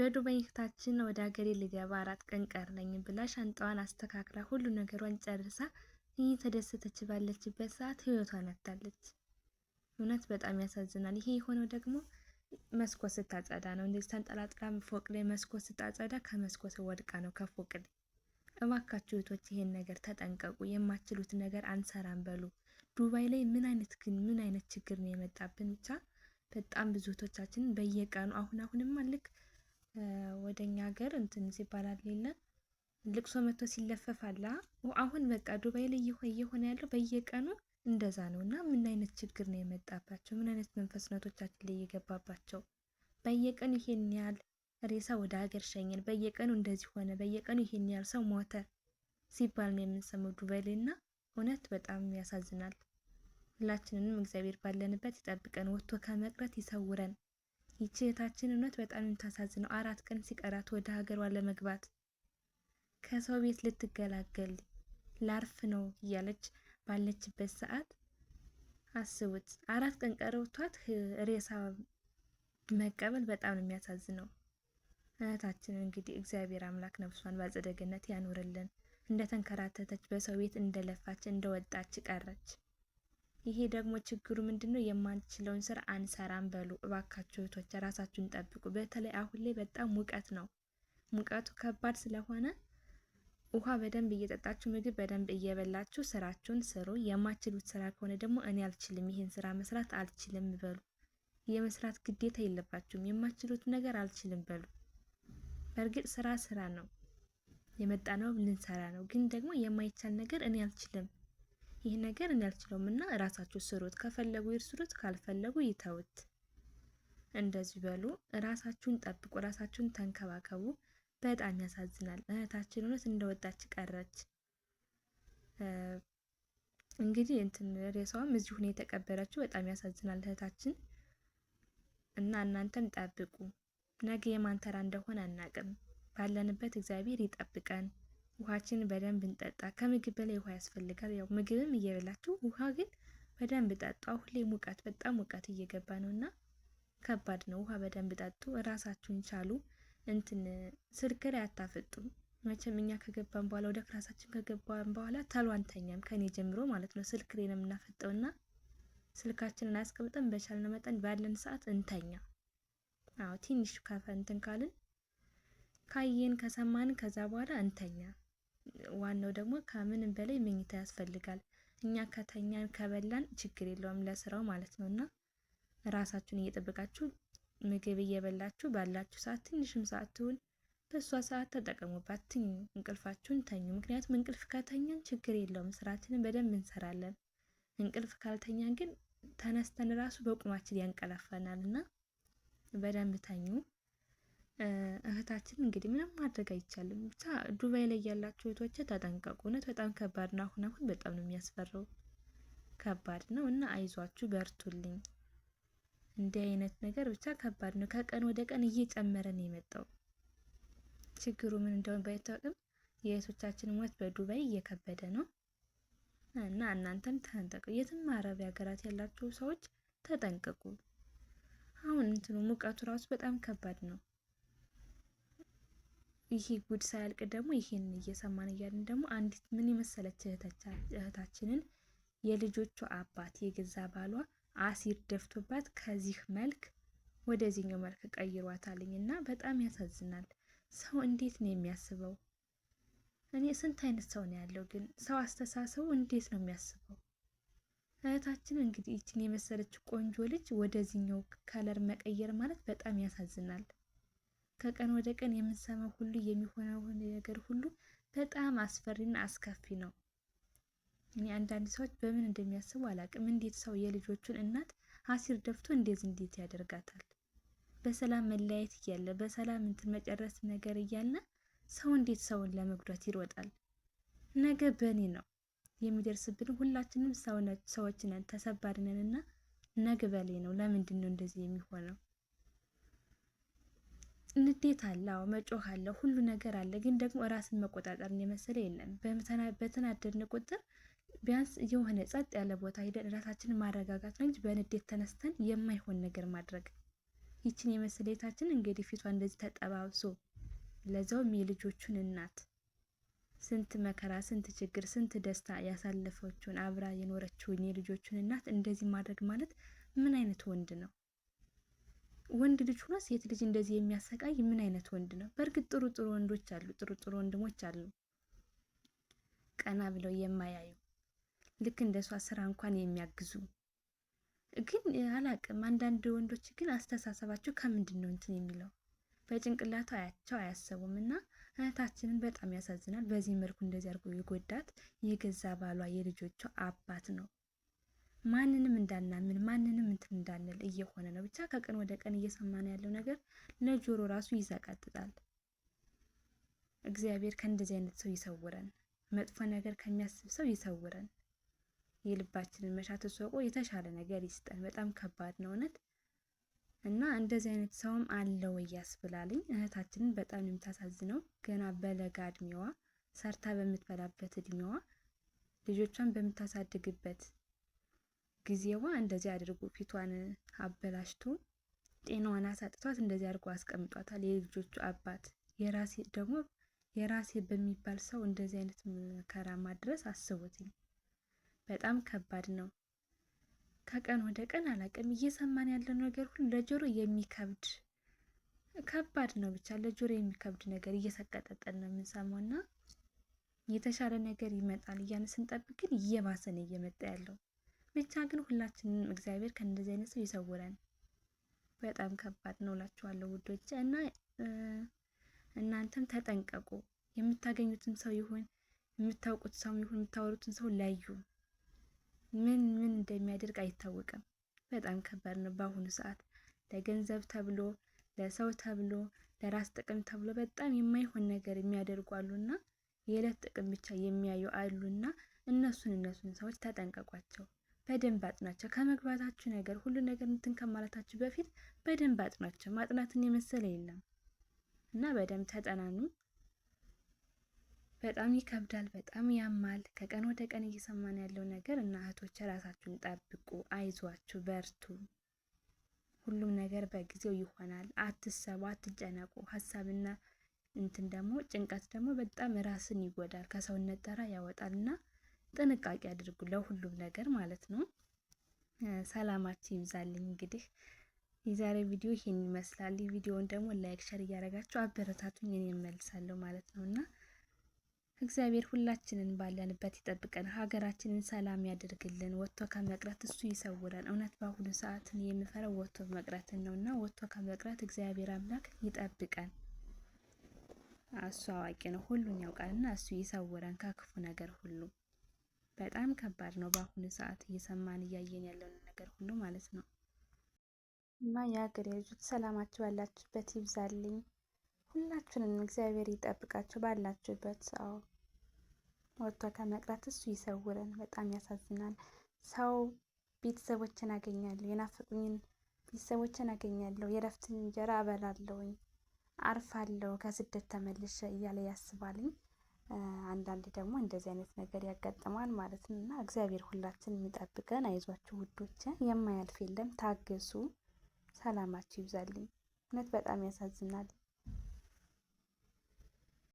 በዱባይ እህታችን ወደ ሀገሬ ልገባ አራት ቀን ቀረኝ ብላ ሻንጣዋን አስተካክላ ሁሉ ነገሯን ጨርሳ እየተደሰተች ባለችበት ሰዓት ህይወቷ አታለች። እውነት በጣም ያሳዝናል። ይሄ የሆነው ደግሞ መስኮት ስታጸዳ ነው። እንደዚህ ተንጠላጥላ ፎቅ ላይ መስኮት ስታጸዳ ከመስኮት ወድቃ ነው ከፎቅ ላይ። እባካችሁ እህቶች ይሄን ነገር ተጠንቀቁ። የማችሉት ነገር አንሰራም በሉ። ዱባይ ላይ ምን አይነት ግን ምን አይነት ችግር ነው የመጣብን? ብቻ በጣም ብዙ እህቶቻችን በየቀኑ አሁን አሁንም ልክ ወደ እኛ ሀገር እንትን ይባላል የለ ልቅሶ መጥቶ ሲለፈፋላ አሁን በቃ ዱባይ ላይ እየሆነ ያለው በየቀኑ እንደዛ ነው። እና ምን አይነት ችግር ነው የመጣባቸው? ምን አይነት መንፈስ ነቶቻችን ላይ እየገባባቸው? በየቀኑ ይሄን ያህል ሬሳ ወደ ሀገር ሸኘን፣ በየቀኑ እንደዚህ ሆነ፣ በየቀኑ ይሄን ያህል ሰው ሞተ ሲባል ነው የምንሰማው ዱባይ ላይ እና እውነት በጣም ያሳዝናል። ሁላችንንም እግዚአብሔር ባለንበት ይጠብቀን፣ ወጥቶ ከመቅረት ይሰውረን። ይቺ እህታችን እውነት በጣም የምታሳዝነው አራት ቀን ሲቀራት ወደ ሀገሯ ለመግባት ከሰው ቤት ልትገላገል ላርፍ ነው እያለች ባለችበት ሰዓት አስቡት። አራት ቀን ቀረውቷት ሬሳ መቀበል በጣም ነው የሚያሳዝነው። እህታችን እንግዲህ እግዚአብሔር አምላክ ነፍሷን በአጸደ ገነት ያኖርልን። እንደተንከራተተች በሰው ቤት እንደለፋች እንደወጣች ቀረች። ይሄ ደግሞ ችግሩ ምንድነው? የማንችለውን ስራ አንሰራም በሉ። እባካችሁ እህቶች ራሳችሁን ጠብቁ። በተለይ አሁን ላይ በጣም ሙቀት ነው። ሙቀቱ ከባድ ስለሆነ ውሃ በደንብ እየጠጣችሁ ምግብ በደንብ እየበላችሁ ስራችሁን ስሩ። የማችሉት ስራ ከሆነ ደግሞ እኔ አልችልም፣ ይህን ስራ መስራት አልችልም በሉ። የመስራት ግዴታ የለባችሁም። የማችሉት ነገር አልችልም በሉ። በእርግጥ ስራ ስራ ነው፣ የመጣ ነው ልንሰራ ነው። ግን ደግሞ የማይቻል ነገር እኔ አልችልም ይህ ነገር እኔ አልችለውም እና ራሳችሁ ስሩት፣ ከፈለጉ ይስሩት፣ ካልፈለጉ ይተውት። እንደዚህ በሉ። ራሳችሁን ጠብቁ፣ ራሳችሁን ተንከባከቡ። በጣም ያሳዝናል። እህታችን እውነት እንደወጣች ቀረች። እንግዲህ እንትን ሬሳዋም እዚሁ ሁኔ የተቀበረችው። በጣም ያሳዝናል እህታችን እና እናንተም ጠብቁ። ነገ የማን ተራ እንደሆነ አናቅም። ባለንበት እግዚአብሔር ይጠብቀን። ውሃችን በደንብ እንጠጣ። ከምግብ በላይ ውሃ ያስፈልጋል። ያው ምግብም እየበላችሁ ውሃ ግን በደንብ ጠጡ። ሁሌ ሙቀት በጣም ሙቀት እየገባ ነው እና ከባድ ነው። ውሃ በደንብ ጠጡ። ራሳችሁን ቻሉ። እንትን ስልክ ላይ አታፈጡ። መቼም እኛ ከገባን በኋላ ወደ ክላሳችን ከገባን በኋላ ተሎ አንተኛም፣ ከኔ ጀምሮ ማለት ነው። ስልክ ላይ ነው የምናፈጠው እና ስልካችንን አያስቀምጠን። በቻልን መጠን ባለን ሰዓት እንተኛ። አዎ ትንሽ ከፈንትን ካልን ካየን ከሰማን ከዛ በኋላ እንተኛ። ዋናው ደግሞ ከምንም በላይ መኝታ ያስፈልጋል። እኛ ከተኛን ከበላን ችግር የለውም ለስራው ማለት ነው። እና ራሳችሁን እየጠበቃችሁ ምግብ እየበላችሁ ባላችሁ ሰዓት ትንሽም ሰዓት ትሁን በእሷ ሰዓት ተጠቀሙባት። ትኙ፣ እንቅልፋችሁን ተኙ። ምክንያቱም እንቅልፍ ከተኛን ችግር የለውም ስራችንን በደንብ እንሰራለን። እንቅልፍ ካልተኛን ግን ተነስተን ራሱ በቁማችን ያንቀላፋናል እና በደንብ ተኙ። እህታችን እንግዲህ ምንም ማድረግ አይቻልም። ብቻ ዱባይ ላይ ያላችሁ እህቶች ተጠንቀቁ። እውነት በጣም ከባድ ነው። አሁን አሁን በጣም ነው የሚያስፈራው፣ ከባድ ነው እና አይዟችሁ፣ በርቱልኝ። እንዲህ አይነት ነገር ብቻ ከባድ ነው። ከቀን ወደ ቀን እየጨመረ ነው የመጣው። ችግሩ ምን እንደሆነ ባይታወቅም የእህቶቻችን ሞት በዱባይ እየከበደ ነው እና እናንተም ተጠንቀቁ። የትም አረብ ሀገራት ያላችሁ ሰዎች ተጠንቀቁ። አሁን እንትኑ ሙቀቱ ራሱ በጣም ከባድ ነው። ይሄ ጉድ ሳያልቅ ደግሞ ይሄን እየሰማን እያለን ደግሞ አንዲት ምን የመሰለች እህታችንን የልጆቿ አባት የገዛ ባሏ አሲድ ደፍቶባት ከዚህ መልክ ወደዚህኛው መልክ ቀይሯታልኝ እና በጣም ያሳዝናል። ሰው እንዴት ነው የሚያስበው? እኔ ስንት አይነት ሰው ነው ያለው? ግን ሰው አስተሳሰቡ እንዴት ነው የሚያስበው? እህታችን እንግዲህ ይችን የመሰለች ቆንጆ ልጅ ወደዚህኛው ከለር መቀየር ማለት በጣም ያሳዝናል። ከቀን ወደ ቀን የምንሰማው ሁሉ የሚሆነው ነገር ሁሉ በጣም አስፈሪና አስከፊ ነው። እኔ አንዳንድ ሰዎች በምን እንደሚያስቡ አላቅም። እንዴት ሰው የልጆቹን እናት አሲር ደፍቶ እንዴት እንዴት ያደርጋታል? በሰላም መለያየት እያለ በሰላም እንትን መጨረስ ነገር እያለ ሰው እንዴት ሰውን ለመጉዳት ይሮጣል? ነገ በእኔ ነው የሚደርስብን። ሁላችንም ሰዎች ነን፣ ተሰባሪ ነን እና ነገ በሌ ነው። ለምንድን ነው እንደዚህ የሚሆነው? ንዴት አለ፣ አዎ መጮህ አለ፣ ሁሉ ነገር አለ። ግን ደግሞ ራስን መቆጣጠርን የመሰለ የለም። በተናደድን ቁጥር ቢያንስ የሆነ ጸጥ ያለ ቦታ ሄደን ራሳችንን ማረጋጋት ነው እንጂ በንዴት ተነስተን የማይሆን ነገር ማድረግ ይችን የመስሌታችን እንግዲህ ፊቷ እንደዚህ ተጠባብሶ ለዛውም የልጆቹን እናት ስንት መከራ ስንት ችግር ስንት ደስታ ያሳለፈችውን አብራ የኖረችውን የልጆቹን እናት እንደዚህ ማድረግ ማለት ምን አይነት ወንድ ነው? ወንድ ልጅ ሆኖ ሴት ልጅ እንደዚህ የሚያሰቃይ ምን አይነት ወንድ ነው? በእርግጥ ጥሩ ጥሩ ወንዶች አሉ፣ ጥሩ ጥሩ ወንድሞች አሉ፣ ቀና ብለው የማያዩ ልክ እንደሷ ስራ እንኳን የሚያግዙ ግን አላቅም። አንዳንድ ወንዶች ግን አስተሳሰባቸው ከምንድን ነው እንትን የሚለው በጭንቅላቱ አያቸው አያሰቡም። እና እህታችንን በጣም ያሳዝናል። በዚህ መልኩ እንደዚህ አድርጎ የጎዳት የገዛ ባሏ የልጆቿ አባት ነው። ማንንም እንዳናምን ማንንም እንትን እንዳንል እየሆነ ነው። ብቻ ከቀን ወደ ቀን እየሰማን ያለው ነገር ለጆሮ ራሱ ይሰቀጥጣል። እግዚአብሔር ከእንደዚህ አይነት ሰው ይሰውረን፣ መጥፎ ነገር ከሚያስብ ሰው ይሰውረን። የልባችንን መሻት ሰቆ የተሻለ ነገር ይስጠን። በጣም ከባድ ነው እውነት እና እንደዚህ አይነት ሰውም አለ ወይ ያስብላልኝ። እህታችንን በጣም የምታሳዝነው ገና በለጋ እድሜዋ ሰርታ በምትበላበት እድሜዋ ልጆቿን በምታሳድግበት ጊዜዋ እንደዚህ አድርጎ ፊቷን አበላሽቶ ጤናዋን አሳጥቷት እንደዚህ አድርጎ አስቀምጧታል። የልጆቹ አባት የራሴ ደግሞ የራሴ በሚባል ሰው እንደዚህ አይነት መከራ ማድረስ አስቡትኝ። በጣም ከባድ ነው። ከቀን ወደ ቀን አላቅም እየሰማን ያለው ነገር ሁሉ ለጆሮ የሚከብድ ከባድ ነው። ብቻ ለጆሮ የሚከብድ ነገር እየሰቀጠጠን ነው የምንሰማው እና የተሻለ ነገር ይመጣል እያልን ስንጠብቅ ግን እየባሰን እየመጣ ያለው ብቻ ግን ሁላችንም እግዚአብሔር ከእንደዚህ አይነት ሰው ይሰውረን። በጣም ከባድ ነው እላችኋለሁ ውዶች እና እናንተም ተጠንቀቁ። የምታገኙትን ሰው ይሁን የምታውቁት ሰው ይሁን የምታወሩትን ሰው ለዩ። ምን ምን እንደሚያደርግ አይታወቅም። በጣም ከባድ ነው በአሁኑ ሰዓት ለገንዘብ ተብሎ ለሰው ተብሎ ለራስ ጥቅም ተብሎ በጣም የማይሆን ነገር የሚያደርጉ አሉና የዕለት ጥቅም ብቻ የሚያዩ አሉና እነሱን እነሱን ሰዎች ተጠንቀቋቸው። በደንብ አጥናቸው። ከመግባታችሁ ነገር ሁሉ ነገር እንትን ከማለታችሁ በፊት በደንብ አጥናቸው። ማጥናትን የመሰለ የለም እና በደንብ ተጠናኑ። በጣም ይከብዳል፣ በጣም ያማል። ከቀን ወደ ቀን እየሰማን ያለው ነገር እና እህቶች ራሳችሁን ጠብቁ፣ አይዟችሁ፣ በርቱ። ሁሉም ነገር በጊዜው ይሆናል። አትሰቡ፣ አትጨነቁ። ሀሳብና እንትን ደግሞ ጭንቀት ደግሞ በጣም ራስን ይጎዳል፣ ከሰውነት ተራ ያወጣልና ጥንቃቄ አድርጉ ለሁሉም ነገር ማለት ነው። ሰላማችሁ ይብዛልኝ። እንግዲህ የዛሬ ቪዲዮ ይሄን ይመስላል። ቪዲዮውን ደግሞ ላይክ፣ ሸር እያደረጋችሁ አበረታቱኝ እኔ እመልሳለሁ ማለት ነው እና እግዚአብሔር ሁላችንን ባለንበት ይጠብቀን፣ ሀገራችንን ሰላም ያደርግልን፣ ወጥቶ ከመቅረት እሱ ይሰውረን። እውነት በአሁኑ ሰዓት የምፈራው ወጥቶ መቅረትን ነው እና ወጥቶ ከመቅረት እግዚአብሔር አምላክ ይጠብቀን። እሱ አዋቂ ነው፣ ሁሉን ያውቃልና እሱ ይሰውረን ከክፉ ነገር ሁሉ። በጣም ከባድ ነው። በአሁኑ ሰዓት እየሰማን እያየን ያለውን ነገር ሁሉ ማለት ነው እና የሀገር ልጆች ሰላማችሁ ባላችሁበት ይብዛልኝ። ሁላችሁንም እግዚአብሔር ይጠብቃችሁ ባላችሁበት። አዎ ወጥቶ ከመቅረት እሱ ይሰውረን። በጣም ያሳዝናል። ሰው ቤተሰቦችን አገኛለሁ፣ የናፈቁኝን ቤተሰቦችን አገኛለሁ፣ የእረፍትን እንጀራ እበላለሁኝ፣ አርፋለሁ ከስደት ተመልሼ እያለ ያስባልኝ። አንዳንዴ ደግሞ እንደዚህ አይነት ነገር ያጋጥማል ማለት ነው እና እግዚአብሔር ሁላችን የሚጠብቀን። አይዟችሁ ውዶች፣ የማያልፍ የለም ታገሱ። ሰላማችሁ ይብዛልኝ። እውነት በጣም ያሳዝናል።